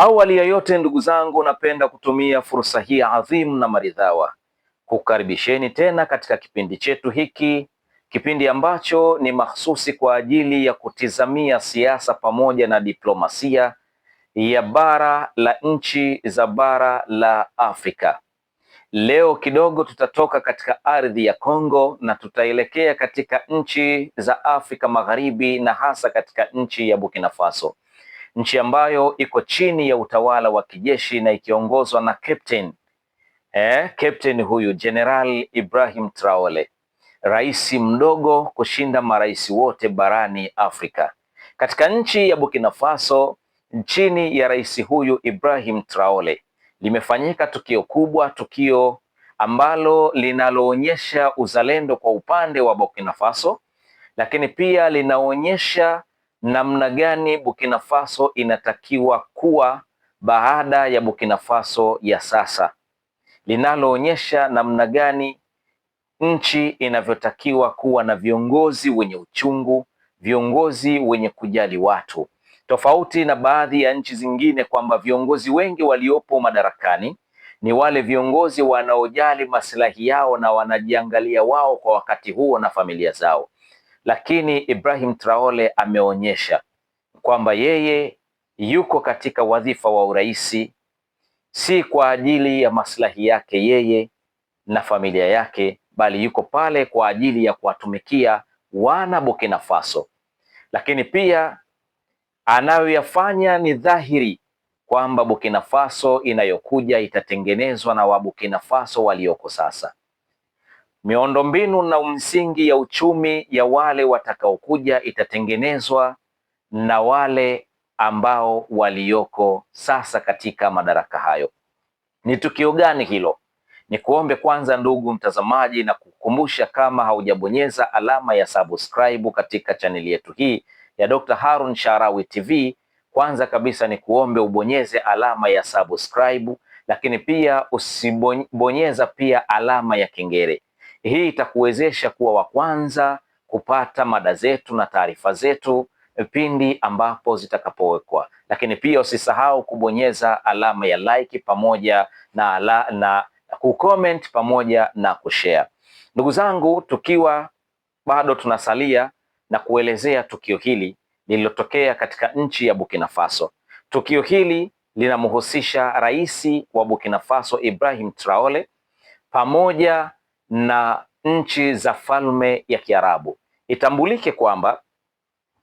Awali ya yote, ndugu zangu, napenda kutumia fursa hii adhimu na maridhawa kukaribisheni tena katika kipindi chetu hiki, kipindi ambacho ni mahsusi kwa ajili ya kutizamia siasa pamoja na diplomasia ya bara la nchi za bara la Afrika. Leo kidogo tutatoka katika ardhi ya Kongo na tutaelekea katika nchi za Afrika Magharibi na hasa katika nchi ya Burkina Faso nchi ambayo iko chini ya utawala wa kijeshi na ikiongozwa na captain eh, captain huyu General Ibrahim Traore, rais mdogo kushinda marais wote barani Afrika. Katika nchi ya Burkina Faso chini ya rais huyu Ibrahim Traore limefanyika tukio kubwa, tukio ambalo linaloonyesha uzalendo kwa upande wa Burkina Faso, lakini pia linaonyesha namna gani Burkina Faso inatakiwa kuwa baada ya Burkina Faso ya sasa, linaloonyesha namna gani nchi inavyotakiwa kuwa na viongozi wenye uchungu, viongozi wenye kujali watu, tofauti na baadhi ya nchi zingine, kwamba viongozi wengi waliopo madarakani ni wale viongozi wanaojali maslahi yao na wanajiangalia wao kwa wakati huo na familia zao lakini Ibrahim Traore ameonyesha kwamba yeye yuko katika wadhifa wa uraisi si kwa ajili ya maslahi yake yeye na familia yake, bali yuko pale kwa ajili ya kuwatumikia wana Burkina Faso. Lakini pia anayoyafanya ni dhahiri kwamba Burkina Faso inayokuja itatengenezwa na wa Burkina Faso walioko sasa. Miundombinu na msingi ya uchumi ya wale watakaokuja itatengenezwa na wale ambao walioko sasa katika madaraka hayo. Ni tukio gani hilo? Ni kuombe kwanza, ndugu mtazamaji, na kukumbusha kama haujabonyeza alama ya subscribe katika chaneli yetu hii ya Dr. Harun Sharawi TV, kwanza kabisa ni kuombe ubonyeze alama ya subscribe, lakini pia usibonyeza pia alama ya kengele hii itakuwezesha kuwa wa kwanza kupata mada zetu na taarifa zetu eh, pindi ambapo zitakapowekwa, lakini pia usisahau kubonyeza alama ya like pamoja na, ala, na kucomment pamoja na kushare. Ndugu zangu, tukiwa bado tunasalia na kuelezea tukio hili lililotokea katika nchi ya Burkina Faso. Tukio hili linamhusisha rais wa Burkina Faso Ibrahim Traore pamoja na nchi za falme ya Kiarabu. Itambulike kwamba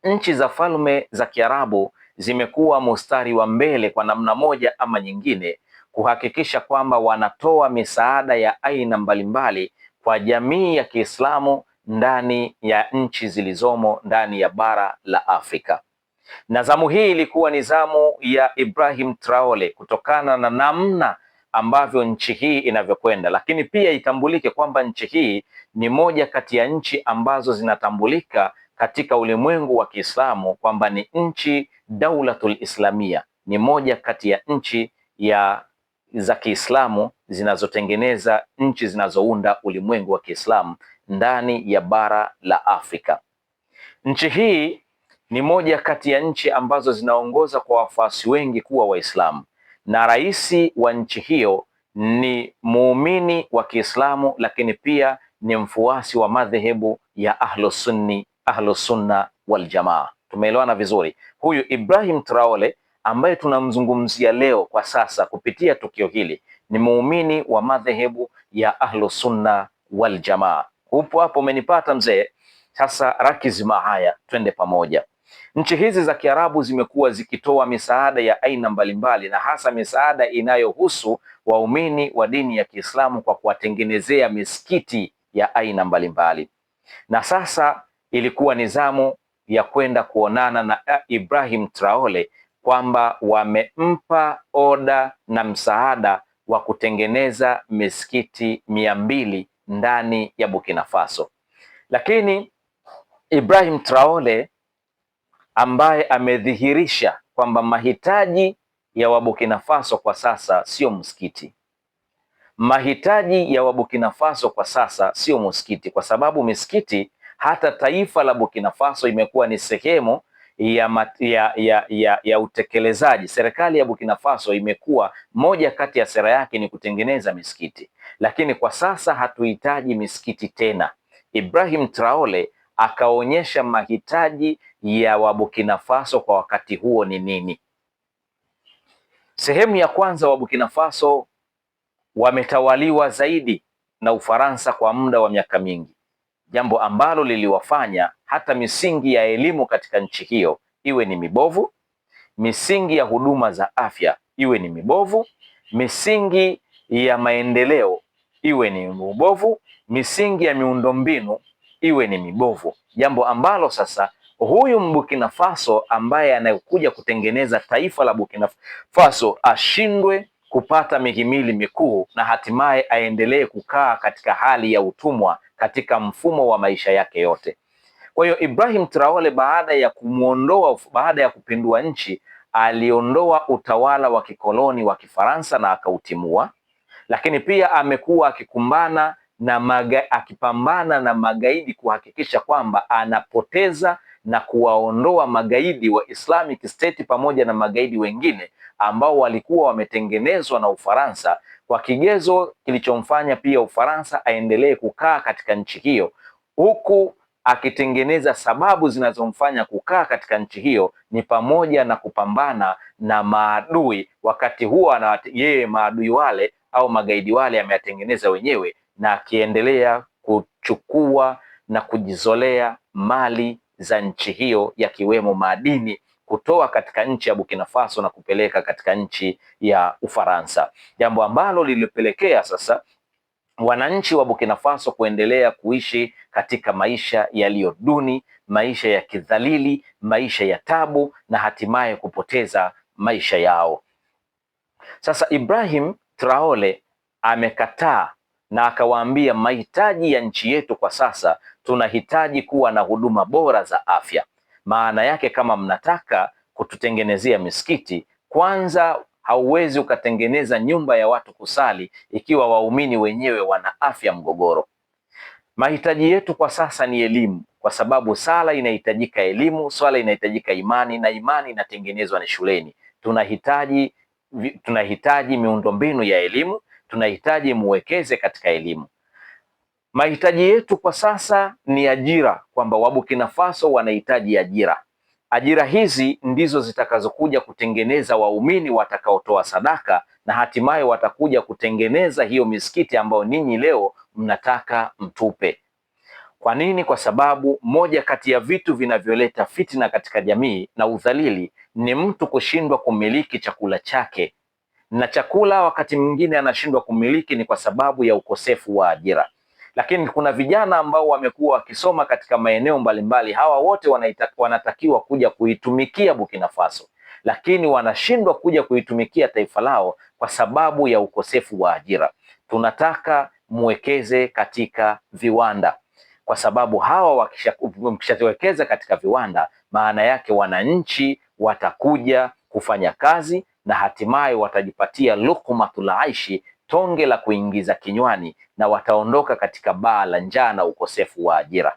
nchi za falme za Kiarabu zimekuwa mustari wa mbele kwa namna moja ama nyingine kuhakikisha kwamba wanatoa misaada ya aina mbalimbali kwa jamii ya Kiislamu ndani ya nchi zilizomo ndani ya bara la Afrika. Na zamu hii ilikuwa ni zamu ya Ibrahim Traore kutokana na namna ambavyo nchi hii inavyokwenda, lakini pia itambulike kwamba nchi hii ni moja kati ya nchi ambazo zinatambulika katika ulimwengu wa Kiislamu kwamba ni nchi Daulatul Islamia, ni moja kati ya nchi ya za Kiislamu zinazotengeneza nchi zinazounda ulimwengu wa Kiislamu ndani ya bara la Afrika. Nchi hii ni moja kati ya nchi ambazo zinaongoza kwa wafuasi wengi kuwa Waislamu na rais wa nchi hiyo ni muumini wa Kiislamu, lakini pia ni mfuasi wa madhehebu ya Ahlusunni, Ahlusunna Waljamaa. Tumeelewana vizuri. Huyu Ibrahim Traore ambaye tunamzungumzia leo kwa sasa kupitia tukio hili ni muumini wa madhehebu ya Ahlusunna Waljamaa. Upo hapo, umenipata mzee? Sasa rakizima haya, twende pamoja. Nchi hizi za Kiarabu zimekuwa zikitoa misaada ya aina mbalimbali na hasa misaada inayohusu waumini wa dini ya Kiislamu kwa kuwatengenezea misikiti ya aina mbalimbali. Na sasa ilikuwa ni zamu ya kwenda kuonana na Ibrahim Traore kwamba wamempa oda na msaada wa kutengeneza misikiti mia mbili ndani ya Burkina Faso, lakini Ibrahim Traore ambaye amedhihirisha kwamba mahitaji ya Wabukina Faso kwa sasa sio msikiti. Mahitaji ya Wabukina Faso kwa sasa sio msikiti, kwa sababu misikiti hata taifa la Bukina Faso imekuwa ni sehemu ya, mat, ya, ya, ya, ya utekelezaji. Serikali ya Bukina Faso imekuwa moja kati ya sera yake ni kutengeneza misikiti, lakini kwa sasa hatuhitaji misikiti tena. Ibrahim Traore akaonyesha mahitaji ya Wabukina Faso kwa wakati huo ni nini? Sehemu ya kwanza, Wabukina Faso wametawaliwa zaidi na Ufaransa kwa muda wa miaka mingi, jambo ambalo liliwafanya hata misingi ya elimu katika nchi hiyo iwe ni mibovu, misingi ya huduma za afya iwe ni mibovu, misingi ya maendeleo iwe ni mibovu, misingi ya miundombinu iwe ni mibovu, jambo ambalo sasa huyu Burkina Faso ambaye anayokuja kutengeneza taifa la Burkina Faso ashindwe kupata mihimili mikuu na hatimaye aendelee kukaa katika hali ya utumwa katika mfumo wa maisha yake yote. Kwa hiyo Ibrahim Traore baada ya kumuondoa, baada ya kupindua nchi, aliondoa utawala wa kikoloni wa Kifaransa na akautimua, lakini pia amekuwa akikumbana na maga, akipambana na magaidi kuhakikisha kwamba anapoteza na kuwaondoa magaidi wa Islamic State pamoja na magaidi wengine ambao walikuwa wametengenezwa na Ufaransa kwa kigezo kilichomfanya pia Ufaransa aendelee kukaa katika nchi hiyo, huku akitengeneza sababu zinazomfanya kukaa katika nchi hiyo ni pamoja na kupambana na maadui, wakati huo na yeye maadui wale au magaidi wale ameyatengeneza wenyewe, na akiendelea kuchukua na kujizolea mali za nchi hiyo yakiwemo madini kutoa katika nchi ya Burkina Faso na kupeleka katika nchi ya Ufaransa, jambo ambalo lilipelekea sasa wananchi wa Burkina Faso kuendelea kuishi katika maisha yaliyo duni, maisha ya kidhalili, maisha ya tabu na hatimaye kupoteza maisha yao. Sasa Ibrahim Traore amekataa na akawaambia mahitaji ya nchi yetu kwa sasa, tunahitaji kuwa na huduma bora za afya. Maana yake kama mnataka kututengenezea misikiti, kwanza hauwezi ukatengeneza nyumba ya watu kusali ikiwa waumini wenyewe wana afya mgogoro. Mahitaji yetu kwa sasa ni elimu, kwa sababu sala inahitajika elimu, swala inahitajika imani, na imani inatengenezwa ni shuleni. Tunahitaji tunahitaji miundombinu ya elimu tunahitaji muwekeze katika elimu. Mahitaji yetu kwa sasa ni ajira, kwamba Wabukina Faso wanahitaji ajira. Ajira hizi ndizo zitakazokuja kutengeneza waumini watakaotoa sadaka na hatimaye watakuja kutengeneza hiyo misikiti ambayo ninyi leo mnataka mtupe. Kwa nini? Kwa sababu moja kati ya vitu vinavyoleta fitina katika jamii na udhalili ni mtu kushindwa kumiliki chakula chake na chakula wakati mwingine anashindwa kumiliki ni kwa sababu ya ukosefu wa ajira. Lakini kuna vijana ambao wamekuwa wakisoma katika maeneo mbalimbali, hawa wote wanatakiwa kuja kuitumikia Burkina Faso, lakini wanashindwa kuja kuitumikia taifa lao kwa sababu ya ukosefu wa ajira. Tunataka muwekeze katika viwanda, kwa sababu hawa mkishawekeza katika viwanda, maana yake wananchi watakuja kufanya kazi na hatimaye watajipatia lukumatul aishi, tonge la kuingiza kinywani, na wataondoka katika baa la njaa na ukosefu wa ajira.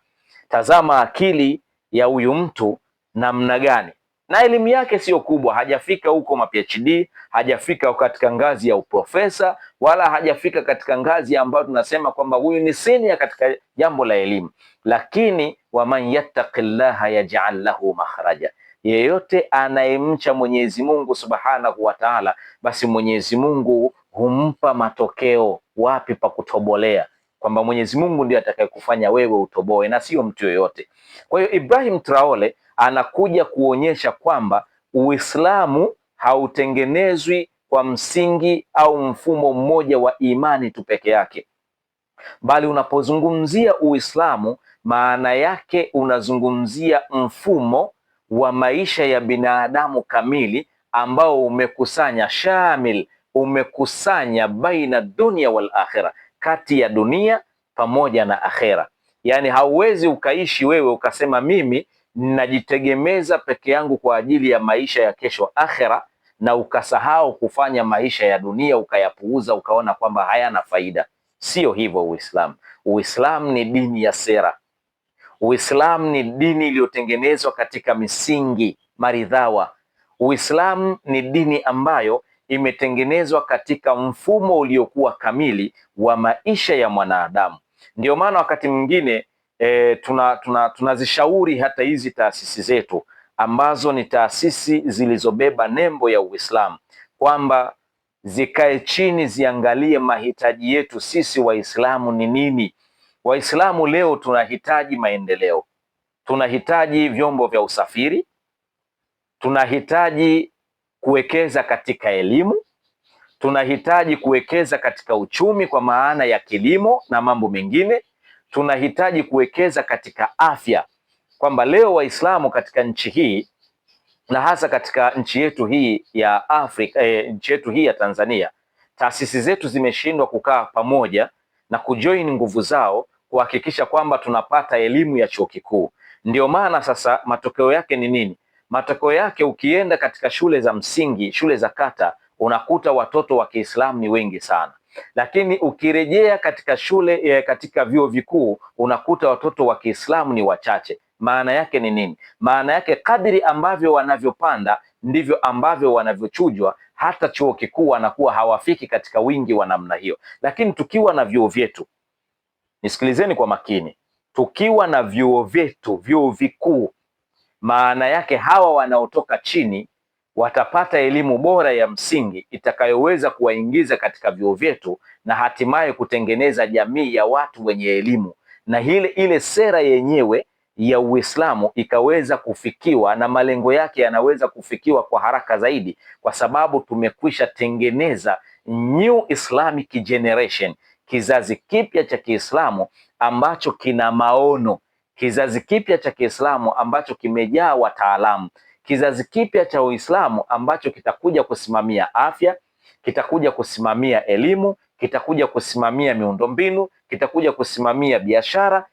Tazama akili ya huyu mtu namna gani, na elimu yake sio kubwa, hajafika huko ma PhD, hajafika katika ngazi ya uprofesa, wala hajafika katika ngazi ambayo tunasema kwamba huyu ni senior katika jambo la elimu, lakini waman yattaqillaha yaj'al lahu makhraja yeyote anayemcha Mwenyezi Mungu subhanahu wa taala, basi Mwenyezi Mungu humpa matokeo wapi pa kutobolea, kwamba Mwenyezi Mungu ndiye atakayekufanya wewe utoboe na sio mtu yoyote. Kwa hiyo Ibrahim Traore anakuja kuonyesha kwamba Uislamu hautengenezwi kwa msingi au mfumo mmoja wa imani tu peke yake, bali unapozungumzia Uislamu maana yake unazungumzia mfumo wa maisha ya binadamu kamili ambao umekusanya shamil, umekusanya baina dunia wal akhira, kati ya dunia pamoja na akhera. yani hauwezi ukaishi wewe ukasema mimi ninajitegemeza peke yangu kwa ajili ya maisha ya kesho akhira na ukasahau kufanya maisha ya dunia ukayapuuza, ukaona kwamba hayana faida. Sio hivyo Uislamu. Uislamu ni dini ya sera, Uislamu ni dini iliyotengenezwa katika misingi maridhawa. Uislamu ni dini ambayo imetengenezwa katika mfumo uliokuwa kamili wa maisha ya mwanadamu. Ndio maana wakati mwingine e, tunazishauri tuna, tuna hata hizi taasisi zetu ambazo ni taasisi zilizobeba nembo ya Uislamu kwamba zikae chini ziangalie mahitaji yetu sisi Waislamu ni nini Waislamu leo tunahitaji maendeleo, tunahitaji vyombo vya usafiri, tunahitaji kuwekeza katika elimu, tunahitaji kuwekeza katika uchumi kwa maana ya kilimo na mambo mengine, tunahitaji kuwekeza katika afya, kwamba leo Waislamu katika nchi hii na hasa katika nchi yetu hii ya Afrika, eh, nchi yetu hii ya Tanzania, taasisi zetu zimeshindwa kukaa pamoja na kujoin nguvu zao kuhakikisha kwamba tunapata elimu ya chuo kikuu. Ndio maana sasa matokeo yake ni nini? Matokeo yake ukienda katika shule za msingi, shule za kata, unakuta watoto wa Kiislamu ni wengi sana, lakini ukirejea katika shule, eh, katika vyuo vikuu unakuta watoto wa Kiislamu ni wachache. Maana yake ni nini? Maana yake kadri ambavyo wanavyopanda ndivyo ambavyo wanavyochujwa. Hata chuo kikuu wanakuwa hawafiki katika wingi wa namna hiyo, lakini tukiwa na vyuo vyetu Nisikilizeni kwa makini, tukiwa na vyuo vyetu, vyuo vikuu, maana yake hawa wanaotoka chini watapata elimu bora ya msingi itakayoweza kuwaingiza katika vyuo vyetu na hatimaye kutengeneza jamii ya watu wenye elimu, na ile ile sera yenyewe ya Uislamu ikaweza kufikiwa na malengo yake yanaweza kufikiwa kwa haraka zaidi, kwa sababu tumekwisha tengeneza new Islamic generation kizazi kipya cha Kiislamu ambacho kina maono, kizazi kipya cha Kiislamu ambacho kimejaa wataalamu, kizazi kipya cha Uislamu ambacho kitakuja kusimamia afya, kitakuja kusimamia elimu, kitakuja kusimamia miundombinu, kitakuja kusimamia biashara,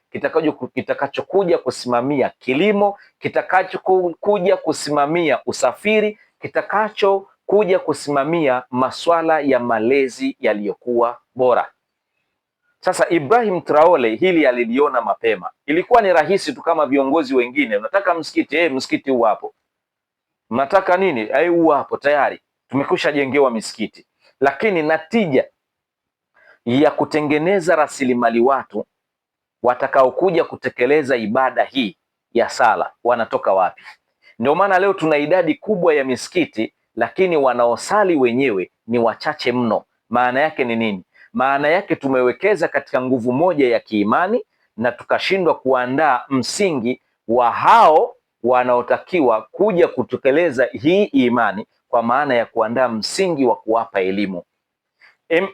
kitakachokuja kusimamia kilimo, kitakachokuja kusimamia usafiri, kitakachokuja kusimamia masuala ya malezi yaliyokuwa bora. Sasa Ibrahim Traore hili aliliona mapema, ilikuwa ni rahisi tu kama viongozi wengine. Unataka msikiti eh, msikiti uwapo, mnataka nini eh, huu tayari tumekusha jengewa misikiti, lakini natija ya kutengeneza rasilimali watu watakaokuja kutekeleza ibada hii ya sala wanatoka wapi? Ndio maana leo tuna idadi kubwa ya misikiti, lakini wanaosali wenyewe ni wachache mno. Maana yake ni nini? Maana yake tumewekeza katika nguvu moja ya kiimani na tukashindwa kuandaa msingi wa hao wanaotakiwa kuja kutekeleza hii imani, kwa maana ya kuandaa msingi wa kuwapa elimu.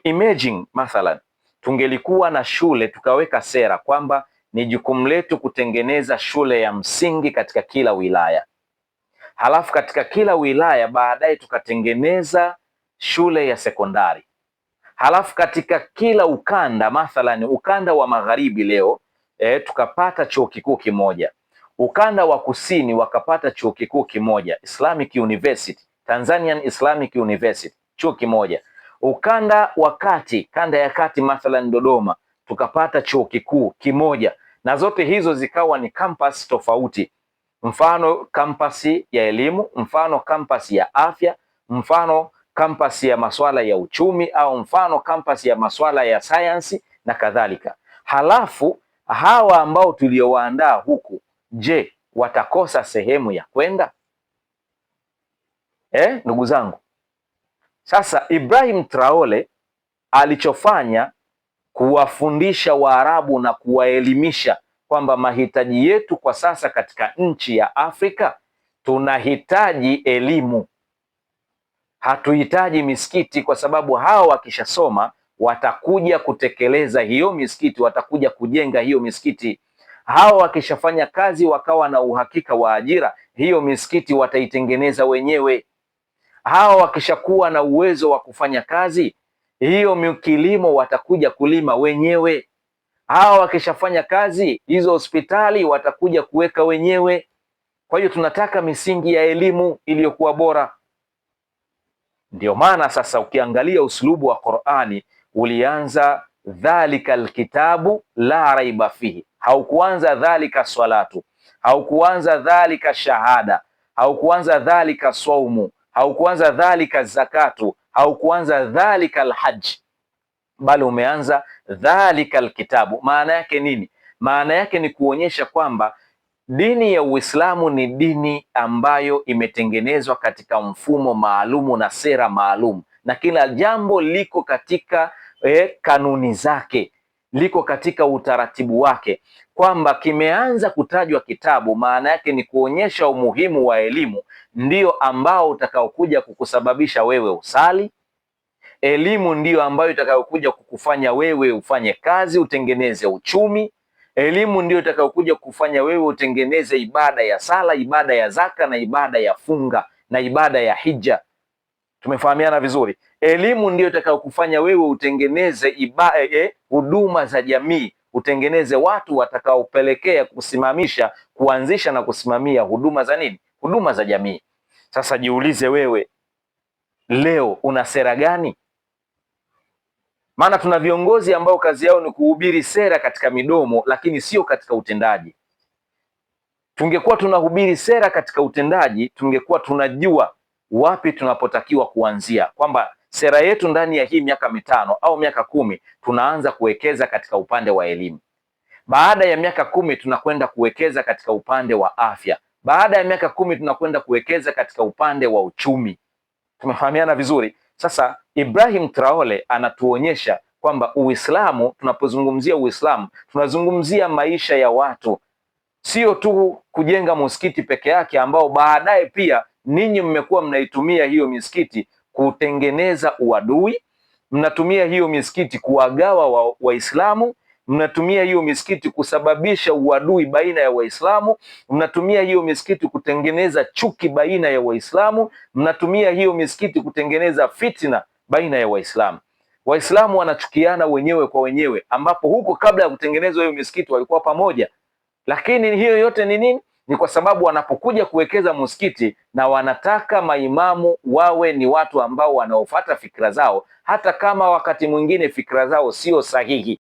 Imagine mathalan, tungelikuwa na shule tukaweka sera kwamba ni jukumu letu kutengeneza shule ya msingi katika kila wilaya, halafu katika kila wilaya baadaye tukatengeneza shule ya sekondari Halafu katika kila ukanda, mathalan ukanda wa magharibi leo e, tukapata chuo kikuu kimoja, ukanda wa kusini wakapata chuo kikuu kimoja, Islamic University, Tanzanian Islamic University, chuo kimoja. Ukanda wa kati, kanda ya kati, mathalan Dodoma, tukapata chuo kikuu kimoja, na zote hizo zikawa ni kampasi tofauti, mfano kampasi ya elimu, mfano kampasi ya afya, mfano kampasi ya masuala ya uchumi au mfano kampasi ya maswala ya sayansi na kadhalika. Halafu hawa ambao tuliowaandaa huku, je, watakosa sehemu ya kwenda eh? Ndugu zangu, sasa Ibrahim Traore alichofanya kuwafundisha Waarabu na kuwaelimisha kwamba mahitaji yetu kwa sasa katika nchi ya Afrika tunahitaji elimu Hatuhitaji misikiti kwa sababu hawa wakishasoma watakuja kutekeleza hiyo misikiti, watakuja kujenga hiyo misikiti. Hawa wakishafanya kazi wakawa na uhakika wa ajira, hiyo misikiti wataitengeneza wenyewe. Hawa wakishakuwa na uwezo wa kufanya kazi, hiyo kilimo watakuja kulima wenyewe. Hawa wakishafanya kazi, hizo hospitali watakuja kuweka wenyewe. Kwa hiyo tunataka misingi ya elimu iliyokuwa bora. Ndio maana sasa ukiangalia uslubu wa Qur'ani ulianza dhalika alkitabu la raiba fihi, haukuanza dhalika salatu, haukuanza dhalika shahada, haukuanza dhalika saumu, haukuanza dhalika zakatu, haukuanza dhalika alhaji, bali umeanza dhalika alkitabu. Maana yake nini? Maana yake ni kuonyesha kwamba Dini ya Uislamu ni dini ambayo imetengenezwa katika mfumo maalumu na sera maalum, na kila jambo liko katika eh, kanuni zake, liko katika utaratibu wake. Kwamba kimeanza kutajwa kitabu, maana yake ni kuonyesha umuhimu wa elimu, ndio ambao utakaokuja kukusababisha wewe usali elimu ndiyo ambayo itakayokuja kukufanya wewe ufanye kazi, utengeneze uchumi, Elimu ndio itakayokuja kufanya wewe utengeneze ibada ya sala, ibada ya zaka na ibada ya funga na ibada ya hija. Tumefahamiana vizuri. Elimu ndio itakayokufanya wewe utengeneze huduma e, eh, eh, huduma za jamii, utengeneze watu watakaopelekea kusimamisha, kuanzisha na kusimamia huduma za nini? Huduma za jamii. Sasa jiulize wewe, leo una sera gani? Maana tuna viongozi ambao kazi yao ni kuhubiri sera katika midomo, lakini sio katika utendaji. Tungekuwa tunahubiri sera katika utendaji, tungekuwa tunajua wapi tunapotakiwa kuanzia, kwamba sera yetu ndani ya hii miaka mitano au miaka kumi tunaanza kuwekeza katika upande wa elimu, baada ya miaka kumi tunakwenda kuwekeza katika upande wa afya, baada ya miaka kumi tunakwenda kuwekeza katika upande wa uchumi. Tumefahamiana vizuri. Sasa Ibrahim Traore anatuonyesha kwamba Uislamu, tunapozungumzia Uislamu tunazungumzia maisha ya watu, sio tu kujenga msikiti peke yake, ambao baadaye pia ninyi mmekuwa mnaitumia hiyo misikiti kutengeneza uadui, mnatumia hiyo misikiti kuwagawa Waislamu wa mnatumia hiyo misikiti kusababisha uadui baina ya Waislamu, mnatumia hiyo misikiti kutengeneza chuki baina ya Waislamu, mnatumia hiyo misikiti kutengeneza fitina baina ya Waislamu. Waislamu wanachukiana wenyewe kwa wenyewe, ambapo huko kabla ya kutengenezwa hiyo misikiti walikuwa pamoja, lakini hiyo yote ni nini? Ni kwa sababu wanapokuja kuwekeza msikiti na wanataka maimamu wawe ni watu ambao wanaofata fikra zao, hata kama wakati mwingine fikra zao sio sahihi.